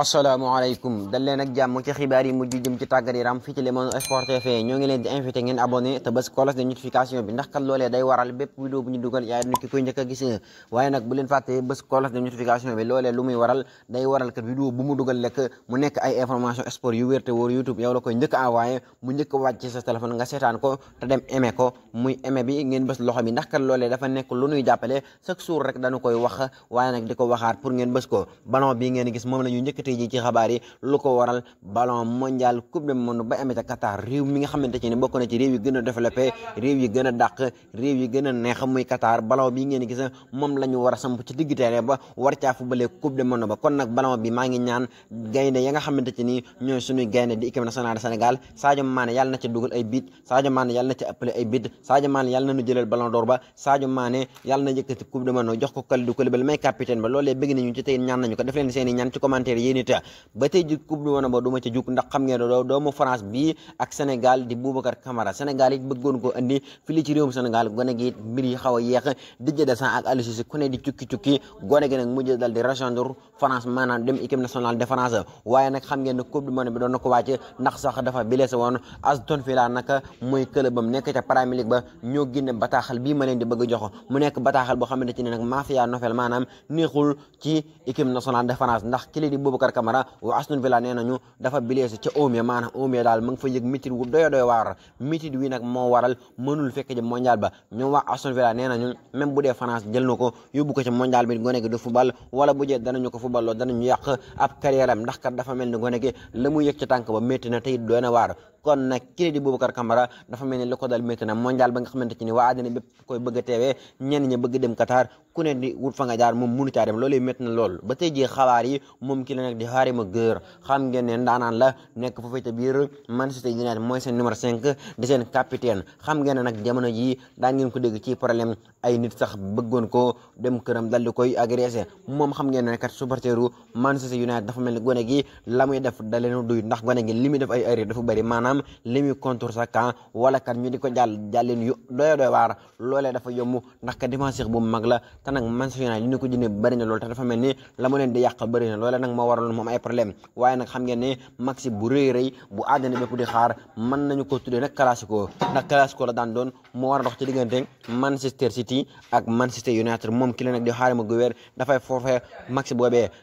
asalaamaaleykum dal leen ak jàmm ci xibaar yi mujj jëm ci tàggat yaram fii ci Le Monde Sport TV ñoo ngi leen di invité ngeen abonné te bés kolos de notification bi ndax kat loolee bi loolee lu muy waral nekk ay information sport yu wér te wóor YouTube yow la koy njëkk a a wàcc sa dafa nekk lu nuy jàppale chaque jour rek dañu koy wax waaye nag di ko waxaat pour ngeen bés ko ballon ngeen gis moom la ñu njëkk tey ji ci xabaar yi lu waral ballon mondial coupe du monde ba amee ca Qatar réew mi nga xamante ci ne bokk na ci réew yi gën a développé réew yi gën a dàq réew yi gën a neex muy Qatar ballon bi ngeen gis moom la ñu war a samp ci ba war caa fubale coupe du monde ba kon nag bi maa ñaan gaynde ya nga xamante ci ni gaynde di na ci dugal ay bit Sadio na ci appelé ay bit Sadio Mané yàlla na ñu jëlal ballon ba Sadio Mané yàlla na yëkkati coupe du ba loolee bëgg yéen it ba tey ji coupe du monde ba du ma ca jug ndax xam ngeen ne doomu France bi ak Sénégal di Boubacar Camara Sénégal it bëggoon ko andi fii ci réewum Sénégal gone gi it mbir yi xaw a yéex ak Aliou Cissé di cukki-cukki gone gi nag mujj dal di rejoindre France maanaam dem équipe nationale de France waaye nag xam ngeen nekk ca Premier League ba ñoo génne bataaxal bii ma leen di bëgg a mu nekk bataaxal boo xamante ne nag mafia nofel maanaam neexul ci équipe nationale de Boubacar Camara wa Aston Villa nee nañu dafa blessé ca Oumé maanaam Oumé daal ma ngi fa yëg mitit wu doyo doy waar mitit wi moo waral mënul fekk ci mondial ba ñoom waa Aston Villa nee nañu même bu dee France jël na ko yóbbu ko ci mondial bi gone gi du football wala bu jee danañu ko football loolu danañu yàq ab carrière am ndax kat dafa mel ni gone gi la mu ba métti na tey ci ni waa àddina bépp koy bëgg a teewee ñenn ñi dem Qatar ku ne di wut fa jaar moom nekk di Harry Maguire xam ngeen ne la nekk foofee ca biir Manchester United mooy seen numéro 5 di seen capitaine xam ngeen ne daan ngeen ko dégg ci problème ay nit sax bëggoon ko dem këram dal di koy agressé moom xam ngeen ne kat supporteru Manchester United dafa mel ni gone gi la muy def da leen duy ndax gone li muy def ay erreur dafa bëri maanaam li muy contour sa camp di ko jàll jàlleen yu doy doy waar loolee dafa yomb ndax la te nag Manchester United li ñu ko jëndee lool te dafa mel ni la mu di yàq bëri na loolee nag moo war waraloon moom ay problème waaye nag xam ngeen ne maxi bu rëy rëy bu àddina bépp di xaar mën nañu ko tuddee nag classico ndax classico la daan doon moo war a dox ci diggante Manchester City ak Manchester United moom ki la nag di xaar ma guwéer dafay forfait maxi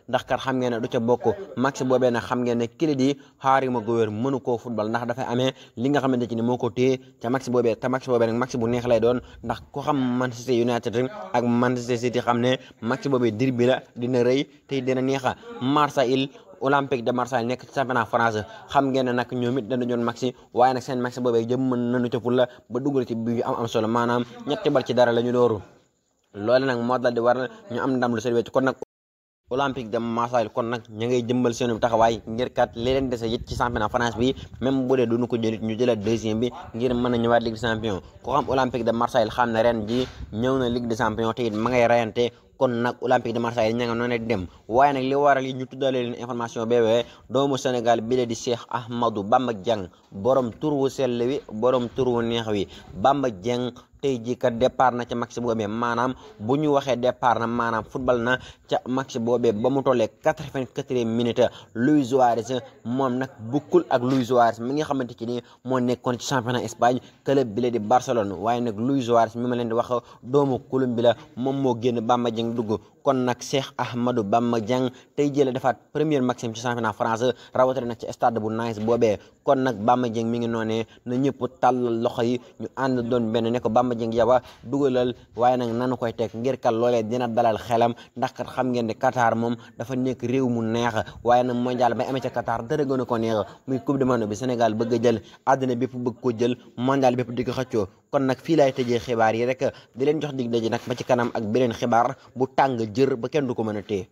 ndax kat xam ngeen ne du ca bokk maxi boobee nag xam ngeen ne kili di xaar ma guwéer mënu koo football ndax dafay amee li nga xamante ci ne moo ko téye ca maxi boobee te maxi boobee nag maxi bu neex lay doon ndax ko xam Manchester United ak Manchester City xam ne maxi boobee derby la dina rëy te dina neexa Marseille Marseille Olympique de Marseille nekk ci championnat France xam ngeen ne nag ñoom it dana waaye nag seen maxi boobee jëm mën ca la ba dugal ci bi am am solo maanaam ñetti bal ci dara la ñu dooru loolu nag moo dal di waral ñu am ndam lu seen wecc kon nag Olympique de Marseille kon nag ñu ngay jëmbal seen taxawaay ngir kat li leen dese yit ci championnat France bi même bu ko jëlit ñu jëlaat deuxième bi ngir mën a ñëwaat de Marseille xam ne ren kon nag olympique de Marseille ña nga noonu dem waaye nag li waral yi ñu tuddalee leen information bébé doomu Sénégal bi la di Cheikh Ahmadou Bamba Dieng boroom tur wu sell wi borom tur wu neex wi Bamba Dieng tey jii kat départ na ca match boobee maanaam bu ñu waxee départ na maanaam football na ca match boobe ba mu tollee quatre-vingt-quatrième minute Luis Suarez moom nag bukkul ak luy Suarez mi nga xamante ci ni moo nekkoon ci championnat Espagne club bi la di Barcelone waaye nag Luis Suarez mi ma leen di wax doomu kulum bi la moom moo génn Bamba Dieng dugg kon nag Cheikh Ahmadou Bamba Dieng tey jii la defaat premier match ci championnat France rawatina nag ci stade bu Nice boobee kon nag Bamba Dieng mi ngi noonee na ñëpp tàllal yi ñu ànd doon làmb ji yaba dugalal waaye nag nanu koy teg ngir kat loolee dina dalal xelam ndax kat xam ngeen ne Qatar moom dafa nekk réew mu neex waaye nag mondial ba amee ca Qatar dara gën a ko neex muy coupe du monde bi Sénégal bëgg a jël àddina bépp bëgg ko jël mondial bépp di ko xëccoo kon nag fii laay tëjee xibaar yi rek di leen jox dig daje nag ba ci kanam ak beneen xibaar bu tàng jër ba kenn du ko mën a téye